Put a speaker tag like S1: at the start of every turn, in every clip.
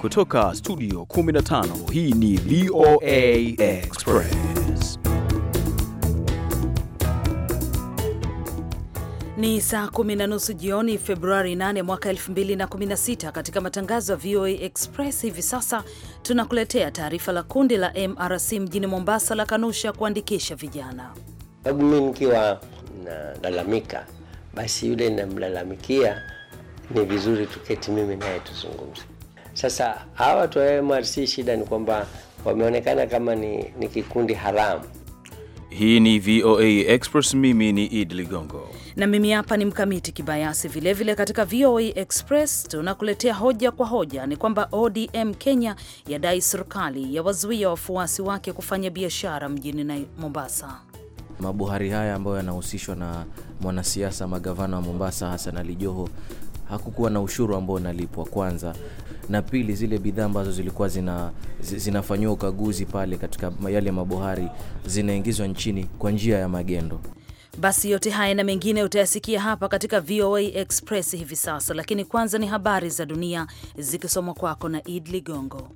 S1: Kutoka studio 15 hii ni VOA Express.
S2: Ni saa kumi na nusu jioni Februari 8 mwaka 2016. Katika matangazo ya VOA Express hivi sasa tunakuletea taarifa la kundi la MRC mjini Mombasa la kanusha kuandikisha vijana.
S3: Sababu mi nikiwa nalalamika, basi yule namlalamikia, ni vizuri tuketi mimi naye tuzungumze sasa hawa watu wa MRC shida ni kwamba wameonekana kama ni, ni kikundi haramu.
S1: Hii ni VOA Express. Mimi ni Idi Ligongo
S2: na mimi hapa ni Mkamiti Kibayasi. Vilevile katika VOA Express tunakuletea hoja kwa hoja. Ni kwamba ODM Kenya yadai serikali yawazuia wafuasi wake kufanya biashara mjini na Mombasa.
S4: mabuhari haya ambayo yanahusishwa na mwanasiasa magavana wa Mombasa Hassan Ali Joho hakukuwa na ushuru ambao unalipwa kwanza, na pili, zile bidhaa ambazo zilikuwa zina, zinafanyiwa ukaguzi pale katika yale mabohari zinaingizwa nchini kwa njia ya magendo.
S2: Basi yote haya na mengine utayasikia hapa katika VOA Express hivi sasa, lakini kwanza ni habari za dunia zikisomwa kwako na Id Ligongo.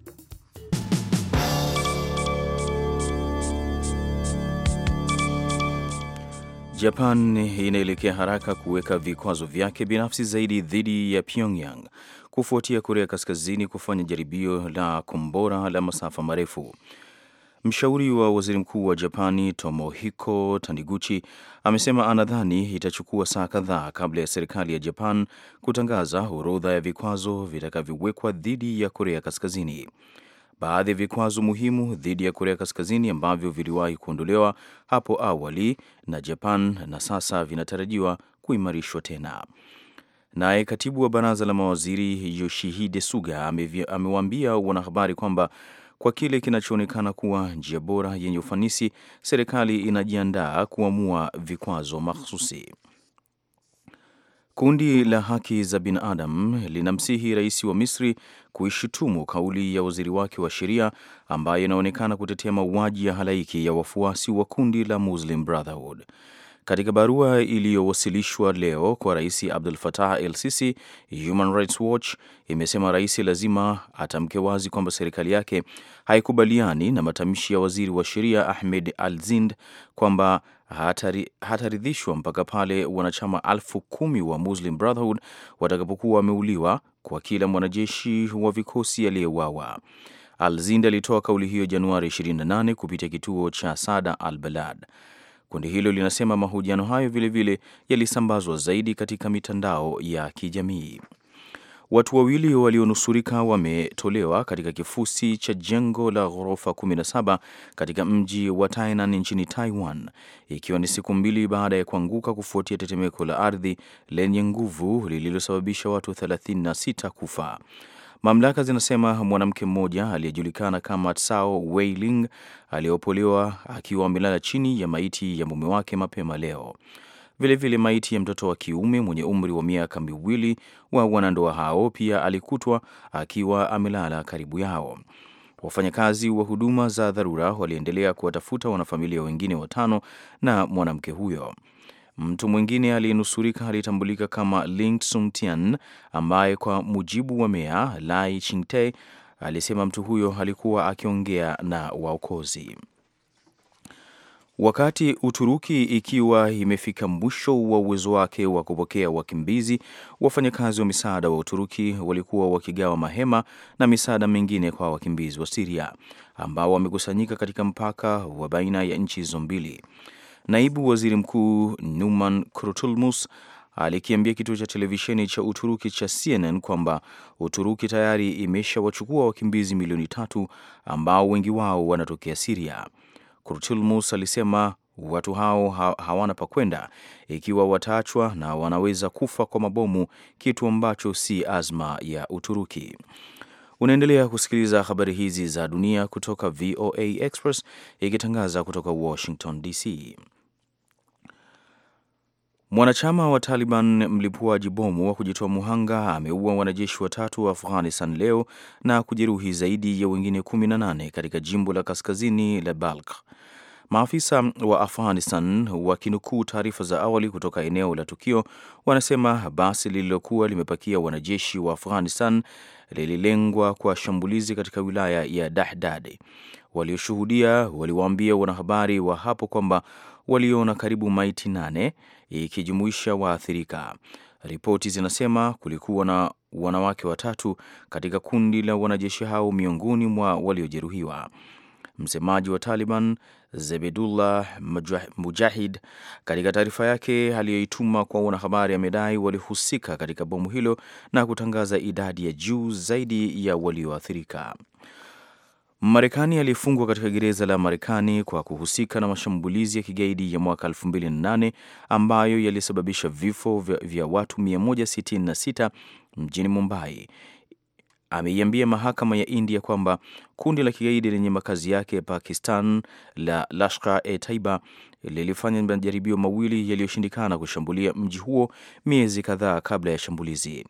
S1: Japan inaelekea haraka kuweka vikwazo vyake binafsi zaidi dhidi ya Pyongyang kufuatia Korea Kaskazini kufanya jaribio la kombora la masafa marefu. Mshauri wa waziri mkuu wa Japani Tomohiko Taniguchi amesema anadhani itachukua saa kadhaa kabla ya serikali ya Japan kutangaza orodha ya vikwazo vitakavyowekwa dhidi ya Korea Kaskazini. Baadhi ya vikwazo muhimu dhidi ya Korea Kaskazini ambavyo viliwahi kuondolewa hapo awali na Japan na sasa vinatarajiwa kuimarishwa tena. Naye katibu wa baraza la mawaziri Yoshihide Suga amewaambia wanahabari kwamba kwa kile kinachoonekana kuwa njia bora yenye ufanisi, serikali inajiandaa kuamua vikwazo mahsusi. Kundi la haki za binadamu linamsihi rais wa Misri kuishutumu kauli ya waziri wake wa sheria ambayo inaonekana kutetea mauaji ya halaiki ya wafuasi wa kundi la Muslim Brotherhood. Katika barua iliyowasilishwa leo kwa rais Abdul fatah El Sisi, Human Rights Watch imesema rais lazima atamke wazi kwamba serikali yake haikubaliani na matamshi ya waziri wa sheria Ahmed Al Zind kwamba hataridhishwa mpaka pale wanachama elfu kumi wa Muslim Brotherhood watakapokuwa wameuliwa kwa kila mwanajeshi wa vikosi aliyeuawa. al alitoa kauli hiyo Januari 28 kupitia kituo cha Sada al-Balad. Kundi hilo linasema mahojiano hayo vilevile yalisambazwa zaidi katika mitandao ya kijamii. Watu wawili walionusurika wametolewa katika kifusi cha jengo la ghorofa 17 katika mji wa Tainan nchini Taiwan, ikiwa ni siku mbili baada ya kuanguka kufuatia tetemeko la ardhi lenye nguvu lililosababisha watu 36 kufa. Mamlaka zinasema mwanamke mmoja aliyejulikana kama Tsao Weiling aliopolewa akiwa amelala chini ya maiti ya mume wake mapema leo. Vilevile, maiti ya mtoto wa kiume mwenye umri wa miaka miwili wa wanandoa hao pia alikutwa akiwa amelala karibu yao. Wafanyakazi wa huduma za dharura waliendelea kuwatafuta wanafamilia wengine watano na mwanamke huyo. Mtu mwingine aliyenusurika alitambulika kama Ling Sumtian, ambaye kwa mujibu wa meya Lai Chingte alisema mtu huyo alikuwa akiongea na waokozi. Wakati Uturuki ikiwa imefika mwisho wa uwezo wake wa kupokea wakimbizi, wafanyakazi wa misaada wa Uturuki walikuwa wakigawa mahema na misaada mingine kwa wakimbizi wa Siria ambao wamekusanyika katika mpaka wa baina ya nchi hizo mbili. Naibu Waziri Mkuu Numan Kurtulmus alikiambia kituo cha televisheni cha Uturuki cha CNN kwamba Uturuki tayari imeshawachukua wakimbizi milioni tatu ambao wengi wao wanatokea Siria. Kurtulmus alisema watu hao hawana pa kwenda ikiwa wataachwa na wanaweza kufa kwa mabomu, kitu ambacho si azma ya Uturuki. Unaendelea kusikiliza habari hizi za dunia kutoka VOA Express ikitangaza kutoka Washington DC. Mwanachama wa Taliban mlipuaji bomu wa kujitoa muhanga ameua wanajeshi watatu wa Afghanistan leo na kujeruhi zaidi ya wengine 18 katika jimbo la kaskazini la Balkh. Maafisa wa Afghanistan wakinukuu taarifa za awali kutoka eneo la tukio wanasema basi lililokuwa limepakia wanajeshi wa Afghanistan lililengwa kwa shambulizi katika wilaya ya dahdadi Walioshuhudia waliwaambia wanahabari wa hapo kwamba waliona karibu maiti nane ikijumuisha waathirika. Ripoti zinasema kulikuwa na wanawake watatu katika kundi la wanajeshi hao miongoni mwa waliojeruhiwa. Msemaji wa Taliban Zebedullah Mujahid katika taarifa yake aliyoituma kwa wanahabari amedai walihusika katika bomu hilo na kutangaza idadi ya juu zaidi ya walioathirika. Marekani alifungwa katika gereza la Marekani kwa kuhusika na mashambulizi ya kigaidi ya mwaka 2008 ambayo yalisababisha vifo vya, vya watu 166 mjini Mumbai ameiambia mahakama ya India kwamba kundi la kigaidi lenye makazi yake Pakistan la Lashkar-e-Taiba lilifanya majaribio mawili yaliyoshindikana kushambulia mji huo miezi kadhaa kabla ya shambulizi.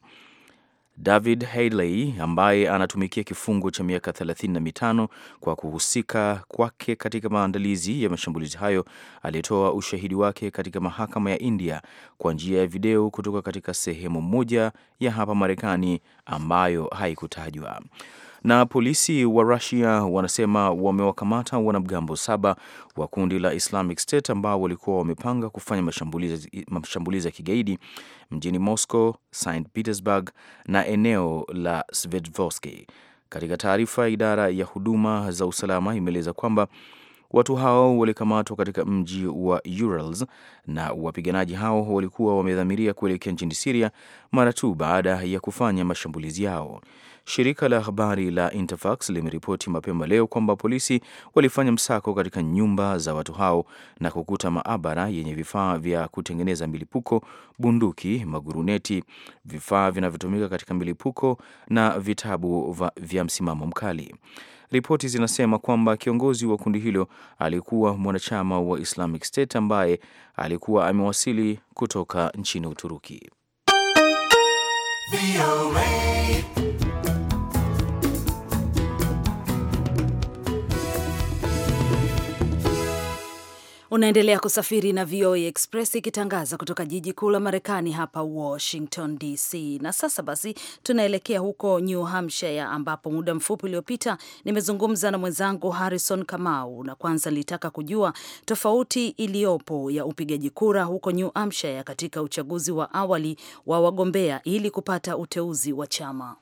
S1: David Haley ambaye anatumikia kifungo cha miaka 35 kwa kuhusika kwake katika maandalizi ya mashambulizi hayo alitoa ushahidi wake katika mahakama ya India kwa njia ya video kutoka katika sehemu moja ya hapa Marekani ambayo haikutajwa. Na polisi wa russia wanasema wamewakamata wanamgambo saba wa kundi la Islamic State ambao walikuwa wamepanga kufanya mashambulizi, ya kigaidi mjini Moscow, St Petersburg na eneo la Svetvoski. Katika taarifa, idara ya huduma za usalama imeeleza kwamba watu hao walikamatwa katika mji wa Urals na wapiganaji hao walikuwa wamedhamiria kuelekea nchini Siria mara tu baada ya kufanya mashambulizi yao. Shirika la habari la Interfax limeripoti mapema leo kwamba polisi walifanya msako katika nyumba za watu hao na kukuta maabara yenye vifaa vya kutengeneza milipuko, bunduki, maguruneti, vifaa vinavyotumika katika milipuko na vitabu vya msimamo mkali. Ripoti zinasema kwamba kiongozi wa kundi hilo alikuwa mwanachama wa Islamic State ambaye alikuwa amewasili kutoka nchini Uturuki.
S2: Unaendelea kusafiri na VOA Express ikitangaza kutoka jiji kuu la Marekani hapa Washington DC. Na sasa basi tunaelekea huko New Hampshire ambapo muda mfupi uliopita nimezungumza na mwenzangu Harrison Kamau, na kwanza nilitaka kujua tofauti iliyopo ya upigaji kura huko New Hampshire katika uchaguzi wa awali wa wagombea ili kupata uteuzi wa chama.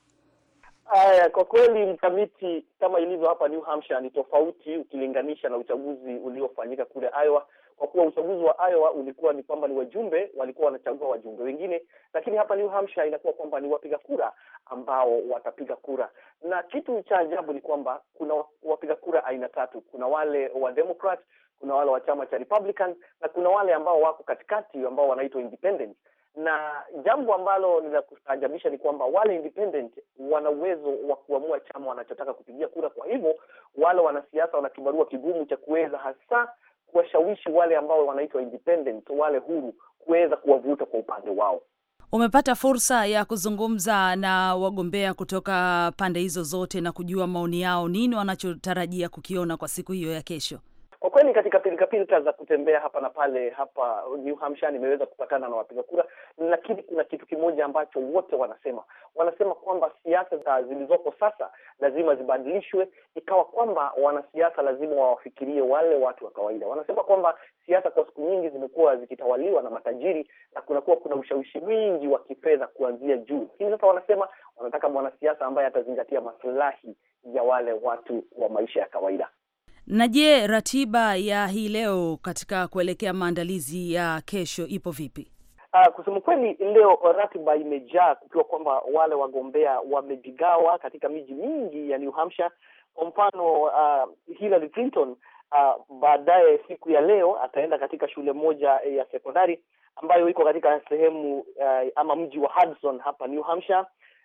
S5: Haya, kwa kweli mkamiti, kama ilivyo hapa New Hampshire ni tofauti ukilinganisha na uchaguzi uliofanyika kule Iowa, kwa kuwa uchaguzi wa Iowa ulikuwa ni kwamba ni wajumbe walikuwa wanachagua wajumbe wengine, lakini hapa New Hampshire inakuwa kwamba ni wapiga kura ambao watapiga kura. Na kitu cha ajabu ni kwamba kuna wapiga kura aina tatu: kuna wale wa Democrat, kuna wale wa chama cha Republican na kuna wale ambao wako katikati ambao wanaitwa independent na jambo ambalo ni la kustaajabisha ni kwamba wale independent wana uwezo wa kuamua chama wanachotaka kupigia kura. Kwa hivyo wale wanasiasa wana kibarua kigumu cha kuweza hasa kuwashawishi wale ambao wanaitwa independent, wale huru, kuweza kuwavuta kwa upande wao.
S2: Umepata fursa ya kuzungumza na wagombea kutoka pande hizo zote na kujua maoni yao, nini wanachotarajia kukiona kwa siku hiyo ya kesho?
S5: Kwa kweli katika pilika za kutembea hapa na pale hapa New Hampshire nimeweza kupatana na wapiga kura, lakini kuna kitu kimoja ambacho wote wanasema, wanasema kwamba siasa zilizoko sasa lazima zibadilishwe, ikawa kwamba wanasiasa lazima wawafikirie wale watu wa kawaida. Wanasema kwamba siasa kwa siku nyingi zimekuwa zikitawaliwa na matajiri na kunakuwa kuna ushawishi mwingi wa kifedha kuanzia juu, lakini sasa wanasema wanataka mwanasiasa ambaye atazingatia maslahi ya wale watu wa maisha ya kawaida.
S2: Na je, ratiba ya hii leo katika kuelekea maandalizi ya kesho ipo vipi?
S5: Uh, kusema kweli leo ratiba imejaa kukiwa kwamba wale wagombea wamejigawa katika miji mingi ya New Hampshire. Kwa mfano uh, Hillary Clinton uh, baadaye siku ya leo ataenda katika shule moja ya sekondari ambayo iko katika sehemu uh, ama mji wa Hudson hapa New Hampshire,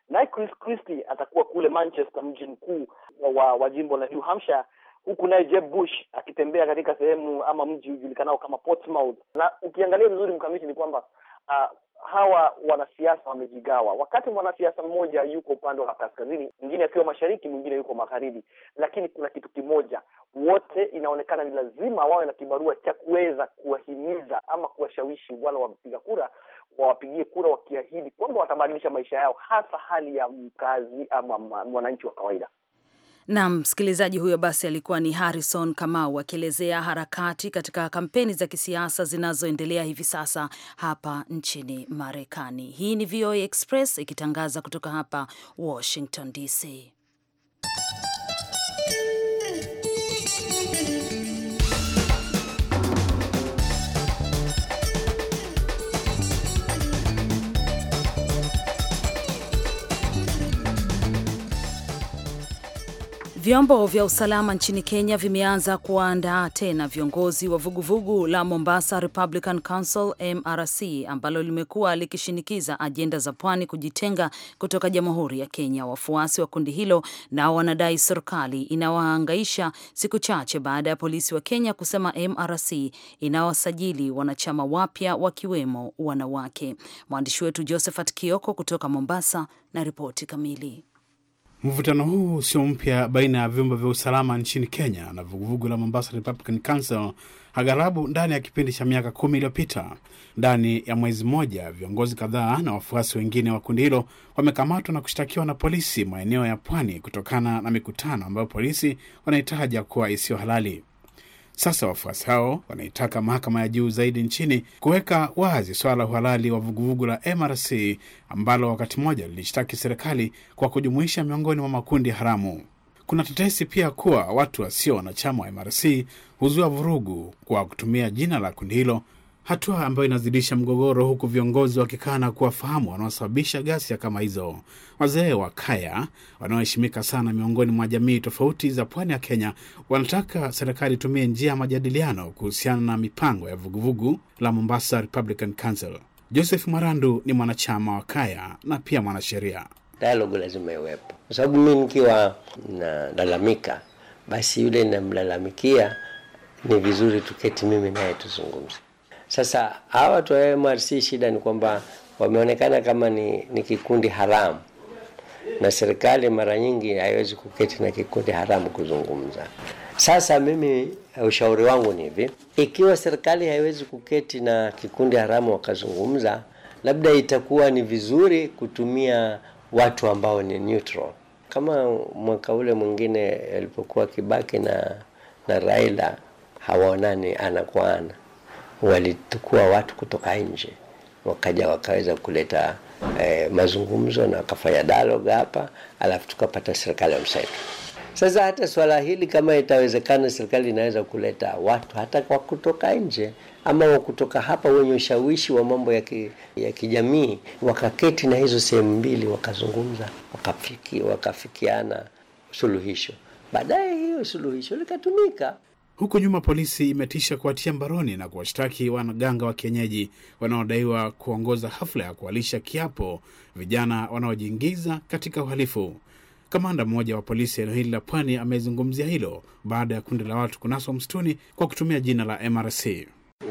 S5: naye Chris Christie atakuwa kule Manchester, mji mkuu wa, wa jimbo la New Hampshire huku naye Jeb Bush akitembea katika sehemu ama mji ujulikanao kama Portsmouth. Na ukiangalia vizuri, mkamiti ni kwamba uh, hawa wanasiasa wamejigawa. Wakati mwanasiasa mmoja yuko upande wa kaskazini, mwingine akiwa mashariki, mwingine yuko magharibi, lakini kuna kitu kimoja, wote inaonekana ni lazima wawe na kibarua cha kuweza kuwahimiza ama kuwashawishi wale wapiga kura wawapigie kura, wakiahidi kwamba watabadilisha maisha yao, hasa hali ya mkazi ama mwananchi wa kawaida
S2: nam msikilizaji huyo basi alikuwa ni Harrison Kamau akielezea harakati katika kampeni za kisiasa zinazoendelea hivi sasa hapa nchini Marekani. Hii ni VOA Express ikitangaza kutoka hapa Washington DC. Vyombo vya usalama nchini Kenya vimeanza kuwaandaa tena viongozi wa vuguvugu vugu la Mombasa Republican Council MRC ambalo limekuwa likishinikiza ajenda za pwani kujitenga kutoka Jamhuri ya Kenya. Wafuasi wa kundi hilo nao wanadai serikali inawahangaisha, siku chache baada ya polisi wa Kenya kusema MRC inawasajili wanachama wapya wakiwemo wanawake. Mwandishi wetu Josephat Kioko kutoka Mombasa na ripoti kamili.
S6: Mvutano huu sio mpya baina ya vyombo vya usalama nchini Kenya na vuguvugu la Mombasa Republican Council, agharabu ndani ya kipindi cha miaka kumi iliyopita. Ndani ya mwezi mmoja, viongozi kadhaa na wafuasi wengine wa kundi hilo wamekamatwa na kushtakiwa na polisi maeneo ya pwani kutokana na mikutano ambayo polisi wanahitaja kuwa isiyo halali. Sasa wafuasi hao wanaitaka mahakama ya juu zaidi nchini kuweka wazi swala la uhalali wa vuguvugu la MRC ambalo wakati mmoja lilishtaki serikali kwa kujumuisha miongoni mwa makundi haramu. Kuna tetesi pia kuwa watu wasio wanachama wa MRC huzua vurugu kwa kutumia jina la kundi hilo hatua ambayo inazidisha mgogoro, huku viongozi wakikana kuwafahamu wanaosababisha ghasia kama hizo. Wazee wa kaya wanaoheshimika sana miongoni mwa jamii tofauti za pwani ya Kenya wanataka serikali itumie njia ya majadiliano kuhusiana na mipango ya vuguvugu la Mombasa Republican Council. Joseph Marandu ni mwanachama wa kaya na pia mwanasheria.
S3: Dialogue lazima iwepo, kwa sababu mi nikiwa nalalamika, basi yule namlalamikia, ni vizuri tuketi mimi naye tuzungumze. Sasa hawa watu wa MRC shida ni kwamba wameonekana kama ni, ni kikundi haramu na serikali mara nyingi haiwezi kuketi na kikundi haramu kuzungumza. Sasa mimi ushauri wangu ni hivi, ikiwa serikali haiwezi kuketi na kikundi haramu wakazungumza, labda itakuwa ni vizuri kutumia watu ambao ni neutral, kama mwaka ule mwingine alipokuwa Kibaki na, na Raila hawaonani ana kwa ana walitukua watu kutoka nje wakaja wakaweza kuleta eh, mazungumzo na wakafanya dialogue hapa, alafu tukapata serikali ya mseto. Sasa hata swala hili kama itawezekana, serikali inaweza kuleta watu hata kwa kutoka nje ama wa kutoka hapa wenye ushawishi wa mambo ya, ki, ya kijamii wakaketi na hizo sehemu mbili wakazungumza, wakafiki, wakafikiana suluhisho. Baadaye hiyo suluhisho likatumika.
S6: Huko nyuma polisi imetisha kuwatia mbaroni na kuwashtaki wanaganga wa kienyeji wanaodaiwa kuongoza hafla ya kuwalisha kiapo vijana wanaojiingiza katika uhalifu. Kamanda mmoja wa polisi eneo hili la Pwani amezungumzia hilo baada ya kundi la watu kunaswa msituni kwa kutumia jina la MRC.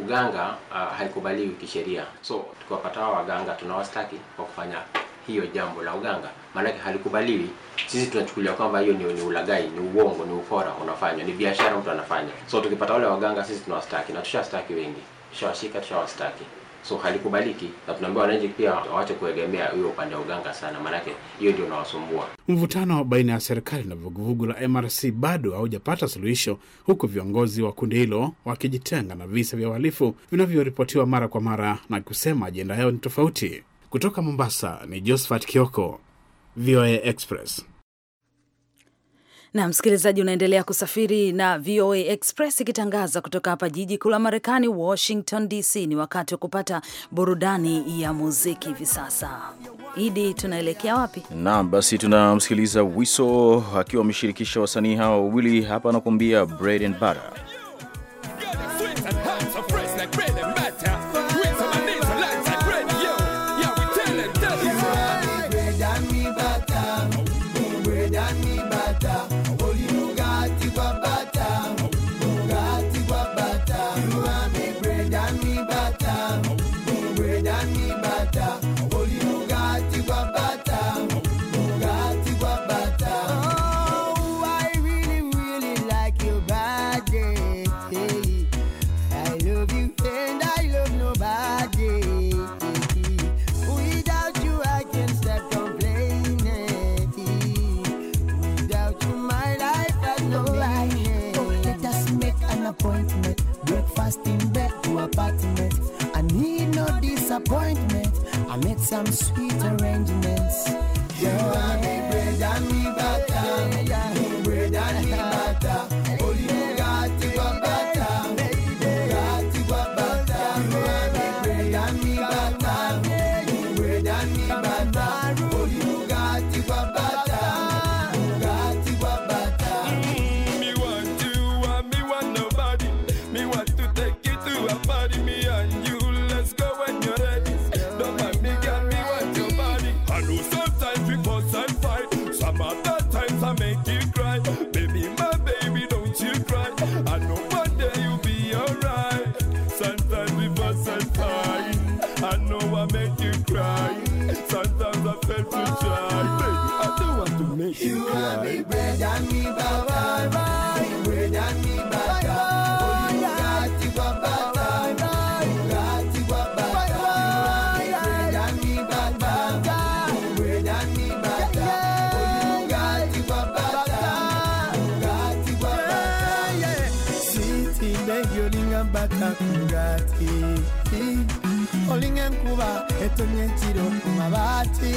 S7: Uganga uh, haikubaliwi kisheria, so tukiwapata waganga tunawastaki kwa kufanya hiyo jambo la uganga, maanake halikubaliwi. Sisi tunachukulia kwamba hiyo ni, ni ulagai, ni uongo, ni ufora unafanywa, ni biashara mtu anafanya. So tukipata wale waganga sisi tunawastaki na tushawastaki wengi, tushawashika, tushawastaki so halikubaliki, na tunaambia wananchi pia waache kuegemea huyo upande wa uganga sana, maanake hiyo ndio unawasumbua.
S6: Mvutano baina ya serikali na vuguvugu la MRC bado haujapata suluhisho, huku viongozi wa kundi hilo wakijitenga na visa vya uhalifu vinavyoripotiwa mara kwa mara na kusema ajenda yao ni tofauti. Kutoka Mombasa ni Josephat Kioko, VOA Express.
S2: Na msikilizaji, unaendelea kusafiri na VOA Express ikitangaza kutoka hapa jiji kuu la Marekani, Washington DC. Ni wakati wa kupata burudani ya muziki hivi sasa. Idi, tunaelekea wapi?
S1: Naam, basi tunamsikiliza Wiso akiwa ameshirikisha wasanii hawa wawili hapa, anakuambia bread and butter.
S3: some sweet around. tumyenkiro ku mabaati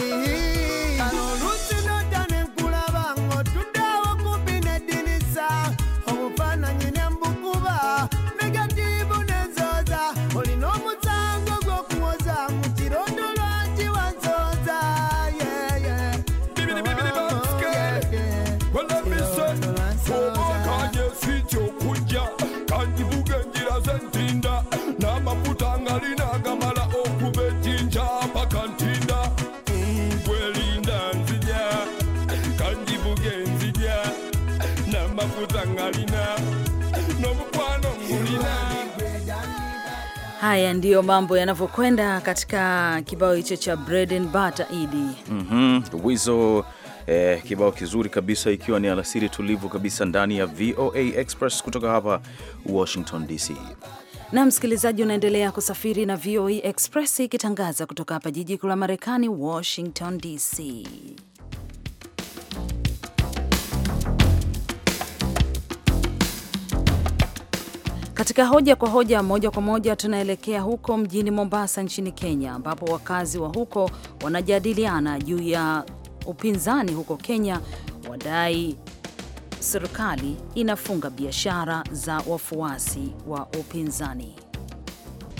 S3: kano olusino dani nkulaba ng'otuddewo kubi nedinisa obufaananyi ne mbukuba negativu nensooza olina omusango gw'okuwoza mu kirondo lwaki wansooza yeyeobokanye si kyokujja kanjibuga enjira zentinda yeah, yeah.
S2: Haya ndiyo mambo yanavyokwenda katika kibao hicho cha bread and butter idi
S6: mm -hmm.
S1: Wizo eh, kibao kizuri kabisa, ikiwa ni alasiri tulivu kabisa ndani ya VOA Express kutoka hapa Washington DC
S2: na msikilizaji, unaendelea kusafiri na VOA Express ikitangaza kutoka hapa jiji kuu la Marekani, Washington DC. Katika hoja kwa hoja, moja kwa moja tunaelekea huko mjini Mombasa nchini Kenya, ambapo wakazi wa huko wanajadiliana juu ya upinzani huko Kenya, wadai serikali inafunga biashara za wafuasi wa upinzani.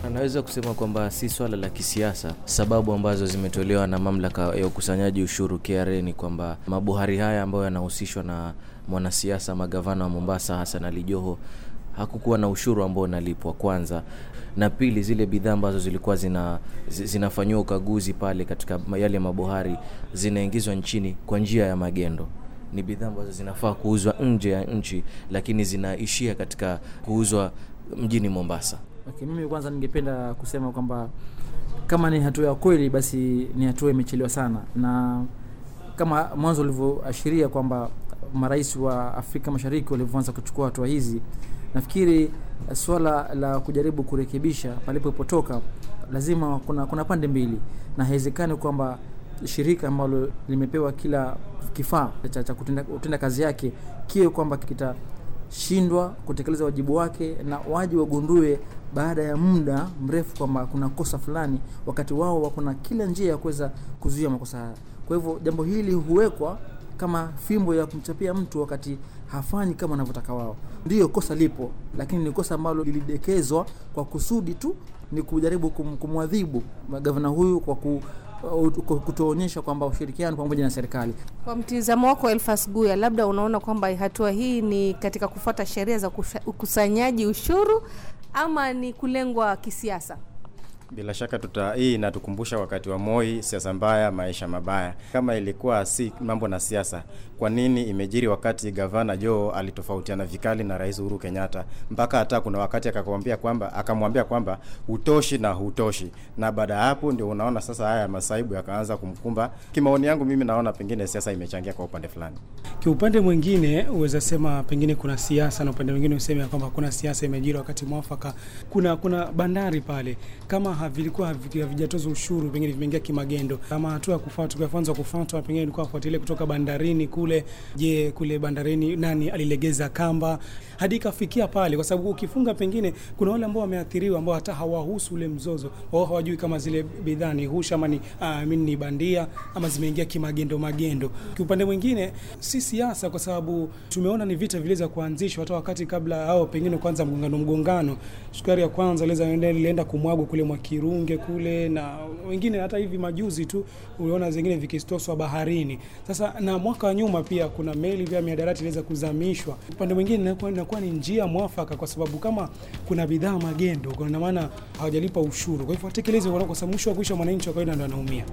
S4: Anaweza kusema kwamba si swala la kisiasa. Sababu ambazo zimetolewa na mamlaka ya ukusanyaji ushuru KRA ni kwamba mabuhari haya ambayo yanahusishwa na mwanasiasa magavana wa Mombasa Hassan Ali Joho hakukuwa na ushuru ambao unalipwa kwanza, na pili, zile bidhaa ambazo zilikuwa zina, zinafanyiwa ukaguzi pale katika yale mabohari zinaingizwa nchini kwa njia ya magendo ni bidhaa ambazo zinafaa kuuzwa nje ya nchi lakini zinaishia katika kuuzwa mjini Mombasa.
S8: Okay, mimi kwanza ningependa kusema kwamba kama ni hatua ya kweli, basi ni hatua imechelewa sana, na kama mwanzo ulivyoashiria kwamba marais wa Afrika Mashariki walivyoanza kuchukua hatua hizi Nafikiri eh, swala la kujaribu kurekebisha palipopotoka lazima kuna, kuna pande mbili, na haiwezekani kwamba shirika ambalo limepewa kila kifaa cha, kutenda, kazi yake kiwe kwamba kitashindwa kutekeleza wajibu wake na waji wagundue baada ya muda mrefu kwamba kuna kosa fulani, wakati wao wako na kila njia ya kuweza kuzuia makosa haya. Kwa hivyo jambo hili huwekwa kama fimbo ya kumchapia mtu wakati hafanyi kama wanavyotaka wao. Ndiyo kosa lipo, lakini ni kosa ambalo lilidekezwa kwa kusudi tu ni kujaribu kum, kumwadhibu gavana huyu kwa ku uh, kutoonyesha kwamba ushirikiano pamoja na serikali.
S2: Kwa mtizamo wako, Elfas Guya, labda unaona kwamba hatua hii ni katika kufuata sheria za ukusanyaji ushuru ama ni kulengwa kisiasa?
S1: Bila shaka tuta hii inatukumbusha wakati wa Moi, siasa mbaya, maisha mabaya. Kama ilikuwa si mambo na siasa, kwa nini imejiri wakati gavana Joe alitofautiana vikali na Rais Uhuru Kenyatta, mpaka hata kuna wakati akakwambia kwamba akamwambia kwamba utoshi na hutoshi, na baada ya hapo ndio unaona sasa haya masaibu yakaanza kumkumba. Kimaoni yangu mimi naona pengine siasa imechangia kwa upande fulani.
S9: Kiupande mwingine uweza sema pengine kuna siasa, na upande mwingine useme kwamba kuna siasa imejiri wakati mwafaka. Kuna kuna bandari pale kama vilikuwa havijatoza ushuru, pengine vimeingia kimagendo. Kama hatua ya kufuatwa, kwanza kufuatwa pengine ilikuwa kufuatilia kutoka bandarini kule. Je, kule bandarini nani alilegeza kamba hadi ikafikia pale? Kwa sababu ukifunga, pengine kuna wale ambao wameathiriwa ambao hata hawahusu ule mzozo, wao hawajui kama zile bidhaa ni husha ama ni uh, ni bandia ama zimeingia kimagendo magendo. Kiupande mwingine si siasa, kwa sababu tumeona ni vita vileza kuanzishwa hata wakati kabla au pengine kwanza mgongano mgongano, sukari ya kwanza iliweza ilienda kumwagwa kule mwaki Kirunge kule na wengine, hata hivi majuzi tu uliona zingine vikistoswa baharini. Sasa na mwaka wa nyuma pia kuna meli vya miadarati iliweza kuzamishwa. Upande mwingine inakuwa ni njia mwafaka, kwa sababu kama kuna bidhaa magendo, kwa maana hawajalipa ushuru, kwa hivyo watekelezi, kwa sababu mwisho wa kuisha mwananchi wa kawaida ndo anaumia.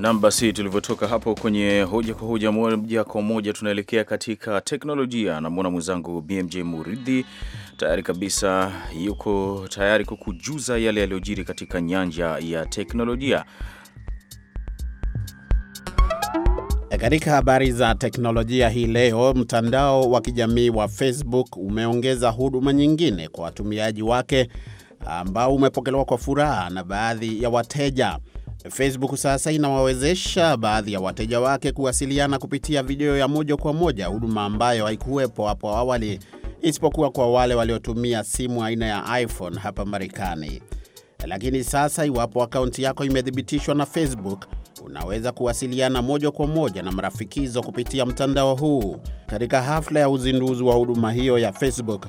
S1: Nam, basi tulivyotoka hapo kwenye hoja kwa hoja, moja kwa moja tunaelekea katika teknolojia. Namwona mwenzangu BMJ Muridhi tayari kabisa, yuko tayari kukujuza yale yaliyojiri katika nyanja ya teknolojia.
S7: Katika habari za teknolojia hii leo, mtandao wa kijamii wa Facebook umeongeza huduma nyingine kwa watumiaji wake ambao umepokelewa kwa furaha na baadhi ya wateja. Facebook sasa inawawezesha baadhi ya wateja wake kuwasiliana kupitia video ya moja kwa moja, huduma ambayo haikuwepo hapo awali, isipokuwa kwa wale waliotumia simu aina ya iPhone hapa Marekani. Lakini sasa, iwapo akaunti yako imethibitishwa na Facebook, unaweza kuwasiliana moja kwa moja na marafikizo kupitia mtandao huu. Katika hafla ya uzinduzi wa huduma hiyo ya Facebook,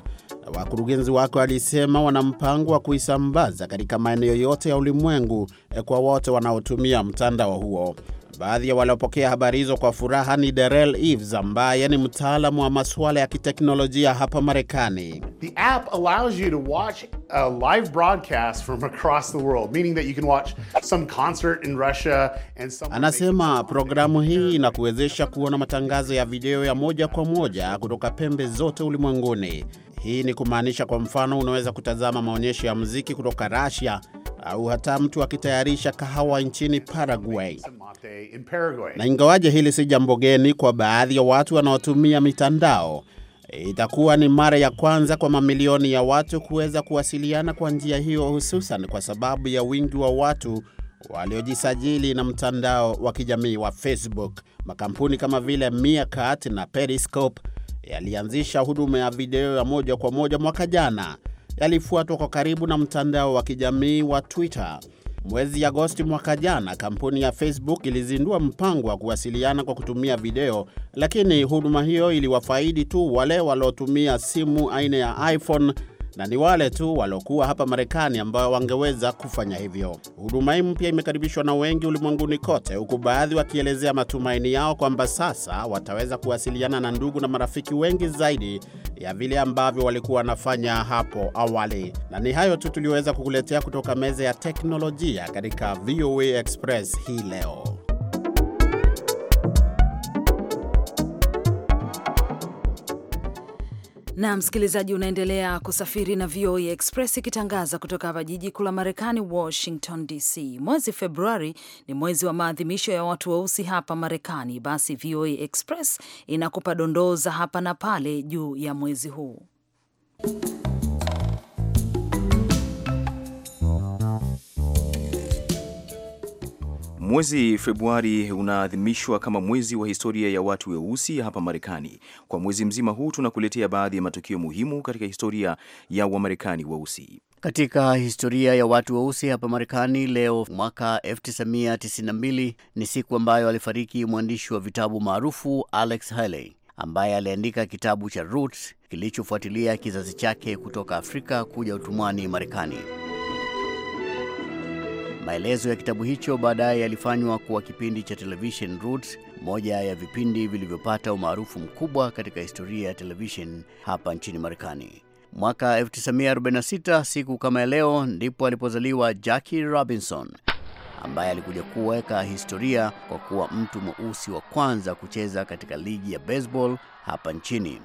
S7: Wakurugenzi wake walisema wana mpango wa kuisambaza katika maeneo yote ya ulimwengu eh, kwa wote wanaotumia mtandao wa huo. Baadhi ya waliopokea habari hizo kwa furaha ni Darrell Eves ambaye ni mtaalamu wa masuala ya kiteknolojia hapa Marekani.
S6: The app allows you to watch
S7: a live broadcast from across the world, meaning that you can watch some concert in Russia and some. Anasema programu hii inakuwezesha kuona matangazo ya video ya moja kwa moja kutoka pembe zote ulimwenguni. Hii ni kumaanisha, kwa mfano, unaweza kutazama maonyesho ya muziki kutoka Russia au hata mtu akitayarisha kahawa nchini Paraguay. Na ingawaje hili si jambo geni kwa baadhi ya watu wanaotumia mitandao, itakuwa ni mara ya kwanza kwa mamilioni ya watu kuweza kuwasiliana kwa njia hiyo, hususan kwa sababu ya wingi wa watu waliojisajili na mtandao wa kijamii wa Facebook. Makampuni kama vile Meerkat na Periscope yalianzisha huduma ya video ya moja kwa moja mwaka jana, yalifuatwa kwa karibu na mtandao wa kijamii wa Twitter. Mwezi Agosti mwaka jana, kampuni ya Facebook ilizindua mpango wa kuwasiliana kwa kutumia video, lakini huduma hiyo iliwafaidi tu wale waliotumia simu aina ya iPhone na ni wale tu waliokuwa hapa Marekani ambao wangeweza kufanya hivyo. Huduma hii mpya imekaribishwa na wengi ulimwenguni kote, huku baadhi wakielezea matumaini yao kwamba sasa wataweza kuwasiliana na ndugu na marafiki wengi zaidi ya vile ambavyo walikuwa wanafanya hapo awali. Na ni hayo tu tuliyoweza kukuletea kutoka meza ya teknolojia katika VOA Express hii leo.
S2: na msikilizaji, unaendelea kusafiri na VOA e Express ikitangaza kutoka hapa jiji kuu la Marekani, Washington DC. Mwezi Februari ni mwezi wa maadhimisho ya watu weusi hapa Marekani. Basi VOA e Express inakupa dondoo za hapa na pale juu ya mwezi huu.
S1: Mwezi Februari unaadhimishwa kama mwezi wa historia ya watu weusi hapa Marekani. Kwa mwezi mzima huu tunakuletea baadhi ya matukio muhimu katika historia ya Wamarekani
S3: weusi. Katika historia ya watu weusi hapa Marekani, leo mwaka 1992 ni siku ambayo alifariki mwandishi wa vitabu maarufu Alex Haley ambaye aliandika kitabu cha Roots kilichofuatilia kizazi chake kutoka Afrika kuja utumwani Marekani. Maelezo ya kitabu hicho baadaye yalifanywa kuwa kipindi cha Television Roots, moja ya vipindi vilivyopata umaarufu mkubwa katika historia ya television hapa nchini Marekani. Mwaka 1946 siku kama ya leo, ndipo alipozaliwa Jackie Robinson ambaye alikuja kuweka historia kwa kuwa mtu mweusi wa kwanza kucheza katika ligi ya baseball hapa nchini.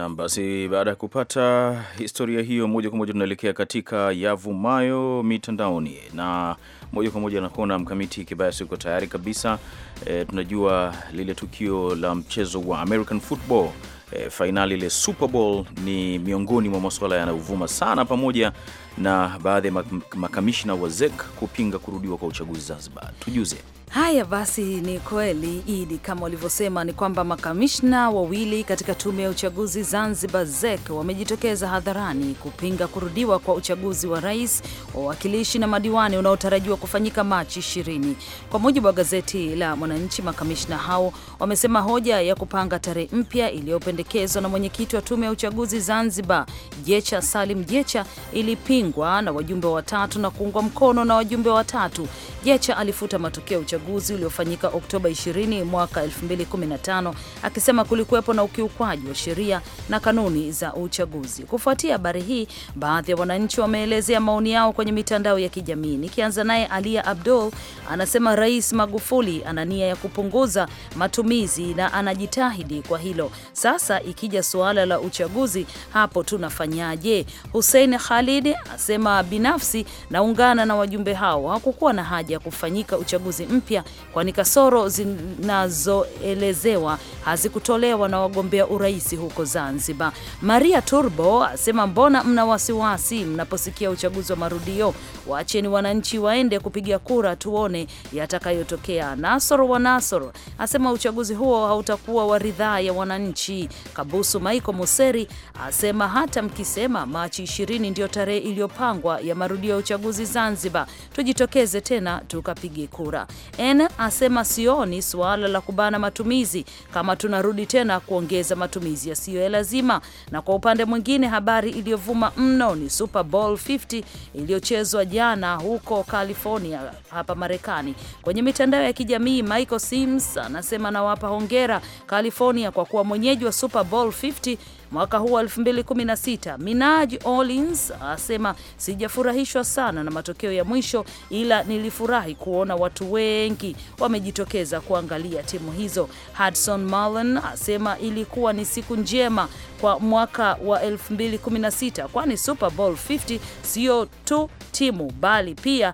S1: Nam, basi baada ya kupata historia hiyo, moja kwa moja tunaelekea katika yavumayo mitandaoni, na moja kwa moja nakuona Mkamiti Kibayasi uko tayari kabisa. E, tunajua lile tukio la mchezo wa American football e, fainali ile Super Bowl ni miongoni mwa masuala yanayovuma sana, pamoja na baadhi ya makamishna wa ZEK kupinga kurudiwa kwa uchaguzi Zanzibar. Tujuze.
S2: Haya basi, ni kweli Idi, kama ulivyosema, ni kwamba makamishna wawili katika tume ya uchaguzi Zanzibar ZEK wamejitokeza hadharani kupinga kurudiwa kwa uchaguzi wa rais, wawakilishi na madiwani unaotarajiwa kufanyika Machi ishirini. Kwa mujibu wa gazeti la Mwananchi, makamishna hao wamesema hoja ya kupanga tarehe mpya iliyopendekezwa na mwenyekiti wa tume ya uchaguzi Zanzibar Jecha Salim Jecha ilipingwa na wajumbe watatu na kuungwa mkono na wajumbe watatu. Jecha alifuta matokeo uchaguzi uliofanyika Oktoba 20 mwaka 2015, akisema kulikuwepo na ukiukwaji wa sheria na kanuni za uchaguzi. Kufuatia habari hii, baadhi ya wananchi wameelezea maoni yao kwenye mitandao ya kijamii. Nikianza naye Alia Abdul anasema Rais Magufuli ana nia ya kupunguza matumizi na anajitahidi kwa hilo. Sasa ikija suala la uchaguzi, hapo tunafanyaje? Hussein Khalid asema binafsi naungana na wajumbe hao, hakukuwa na haja ya kufanyika uchaguzi mpya mapya, kwani kasoro zinazoelezewa hazikutolewa na wagombea urais huko Zanzibar. Maria Turbo asema mbona mna wasiwasi mnaposikia uchaguzi wa marudio? Waacheni wananchi waende kupiga kura, tuone yatakayotokea. Nasoro wa Nasoro asema uchaguzi huo hautakuwa wa ridhaa ya wananchi. Kabusu Maiko Museri asema hata mkisema Machi ishirini ndio tarehe iliyopangwa ya marudio ya uchaguzi Zanzibar, tujitokeze tena tukapige kura. N asema sioni suala la kubana matumizi kama tunarudi tena kuongeza matumizi yasiyo ya lazima. Na kwa upande mwingine, habari iliyovuma mno ni Super Bowl 50 iliyochezwa jana huko California hapa Marekani. Kwenye mitandao ya kijamii, Michael Sims anasema nawapa hongera California kwa kuwa mwenyeji wa Super Bowl 50 mwaka huu wa 2016. Minaj Orleans asema sijafurahishwa sana na matokeo ya mwisho, ila nilifurahi kuona watu wengi wamejitokeza kuangalia timu hizo. Hudson Mullen asema ilikuwa ni siku njema kwa mwaka wa 2016 kwani Super Bowl 50 sio tu timu bali pia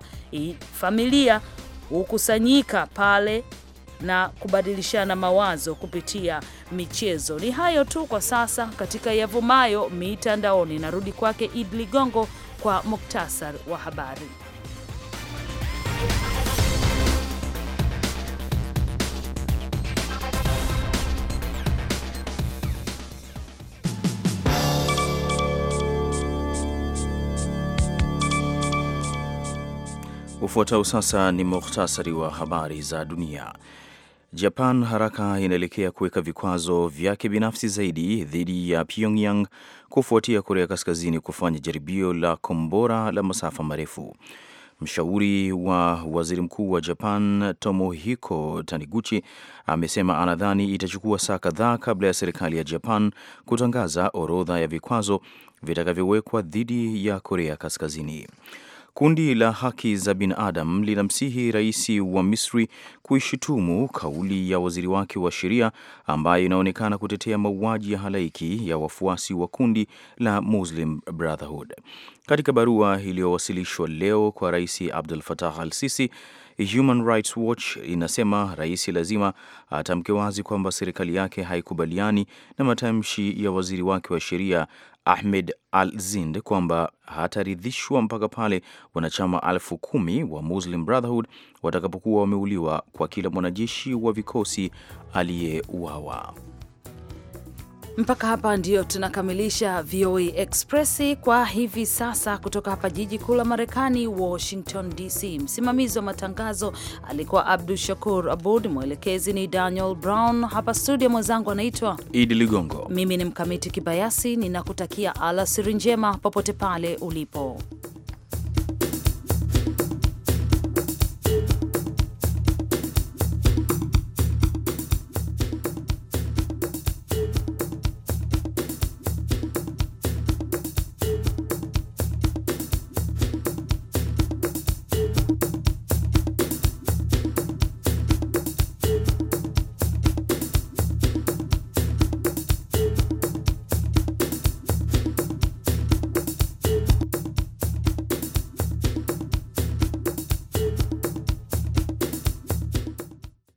S2: familia hukusanyika pale na kubadilishana mawazo kupitia michezo. Ni hayo tu kwa sasa katika yavumayo mitandaoni. Narudi kwake Id Ligongo kwa muktasar wa habari.
S1: Ufuatao sasa ni muhtasari wa habari za dunia. Japan haraka inaelekea kuweka vikwazo vyake binafsi zaidi dhidi ya Pyongyang kufuatia Korea Kaskazini kufanya jaribio la kombora la masafa marefu. Mshauri wa waziri mkuu wa Japan Tomohiko Taniguchi amesema anadhani itachukua saa kadhaa kabla ya serikali ya Japan kutangaza orodha ya vikwazo vitakavyowekwa dhidi ya Korea Kaskazini. Kundi la haki za binadamu linamsihi rais wa Misri kuishutumu kauli ya waziri wake wa sheria ambayo inaonekana kutetea mauaji ya halaiki ya wafuasi wa kundi la Muslim Brotherhood. Katika barua iliyowasilishwa leo kwa rais Abdul fatah al-Sisi, Human Rights Watch inasema rais lazima atamke wazi kwamba serikali yake haikubaliani na matamshi ya waziri wake wa sheria Ahmed Al-Zind kwamba hataridhishwa mpaka pale wanachama elfu kumi wa Muslim Brotherhood watakapokuwa wameuliwa kwa kila mwanajeshi wa vikosi aliyeuawa.
S2: Mpaka hapa ndio tunakamilisha VOA Express kwa hivi sasa, kutoka hapa jiji kuu la Marekani, Washington DC. Msimamizi wa matangazo alikuwa Abdu Shakur Abud, mwelekezi ni Daniel Brown. Hapa studio mwenzangu anaitwa
S1: Idi Ligongo,
S2: mimi ni Mkamiti Kibayasi. Ninakutakia alasiri njema popote pale ulipo.